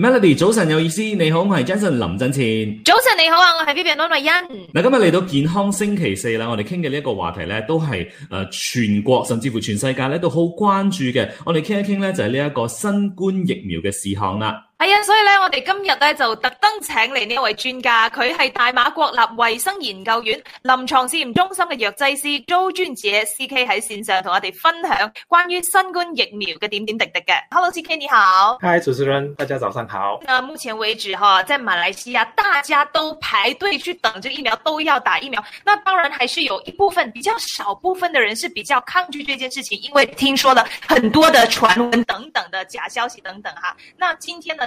Melody，早晨有意思，你好，我係 Jason 林振前。早晨你好啊，我係 Pippen 安麗欣。嗯，今日嚟到健康星期四啦，我哋傾嘅呢一個話題咧，都係誒全國甚至乎全世界都好關注嘅，我哋傾一傾呢就係呢一個新冠疫苗嘅事項啦。係啊，所以咧，我哋今日咧就特登請嚟呢位專家，佢係大馬國立衛生研究院臨床試驗中心嘅藥劑師周俊杰 C K 喺線上同我哋分享關於新冠疫苗嘅點點滴滴嘅。Hello C K，你好。Hi 主持人，大家早上好。那目前為止哈，在馬來西亞，大家都排隊去等住疫苗，都要打疫苗。那當然還是有一部分比較少部分嘅人是比較抗拒呢件事情，因為聽說了很多的傳聞等等的假消息等等哈。那今天呢？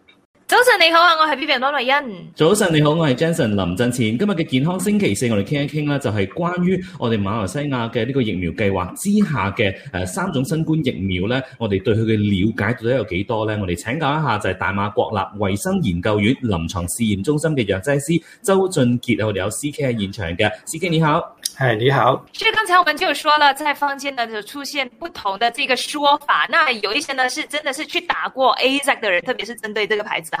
早晨你好啊，我係 Vivian 安慧欣。早晨你好，我係 Jenson 林振前。今日嘅健康星期四，我哋傾一傾啦，就係關於我哋馬來西亞嘅呢個疫苗計劃之下嘅誒三種新冠疫苗咧，我哋對佢嘅了解到底有幾多咧？我哋請教一下就係大馬國立衛生研究院臨床試驗中心嘅藥劑師周俊杰啊，我哋有 C K 喺現場嘅 C K 你好，係你好。所以剛才我們就說了，在坊間呢就出現不同的這個說法，那有一些呢是真的是去打過 A Z、AC、的人，特別是針對這個牌子啊。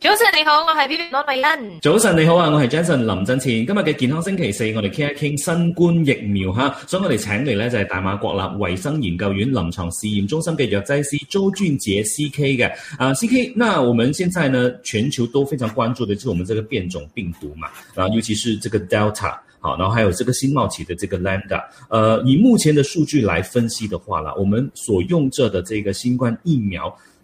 早晨你好，我係 B B 羅美欣。早晨你好啊，我是 Jason 林振前。今日嘅健康星期四，我哋傾一傾新冠疫苗哈。所以我哋請你呢，就係、是、大馬國立衛生研究院臨床試驗中心嘅藥劑師周俊杰 C K 嘅。啊 C K，那我們現在呢全球都非常關注嘅就是我們這個變種病毒嘛，啊、尤其是這個 Delta，好、啊，然後還有這個新冒起的這個 Lambda、啊。呃，以目前的數據來分析的話啦，我們所用着的這個新冠疫苗。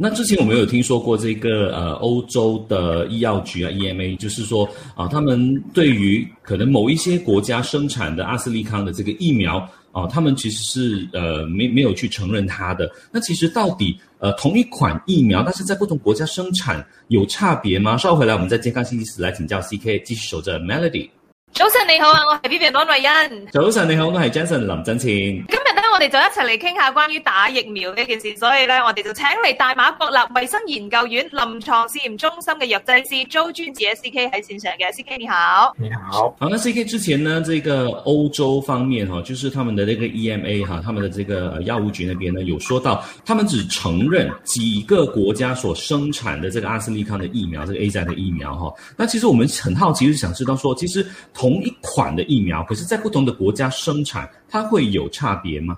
那之前我們有聽說過這個，呃，歐洲的醫藥局啊，EMA，就是說，啊、呃，他們對於可能某一些國家生產的阿斯利康的這個疫苗，啊、呃，他們其實是，呃，沒沒有去承認它的。那其實到底，呃，同一款疫苗，但是在不同國家生產有差別嗎？稍後回來，我們在健康星期四來請教 CK，繼續守着 Melody。早晨你好啊，我係 B B B Yan。早晨你好，我是，是 Jason 林真晴。今日我哋就一齊嚟傾下關於打疫苗呢件事，所以呢，我哋就請嚟大馬國立衛生研究院臨床試驗中心嘅藥劑師周專治 C K 喺線上嘅 C K 你好，你好。好，那 C K 之前呢，這個歐洲方面哈，就是他們的這個 E M A 哈，他們的這個藥物局那邊呢，有說到，他們只承認幾個國家所生產的這個阿斯利康的疫苗，這個 A Z 的疫苗哈。那其實我們很好奇，就想知道說，其實同一款的疫苗，可是在不同的國家生產，它會有差別嗎？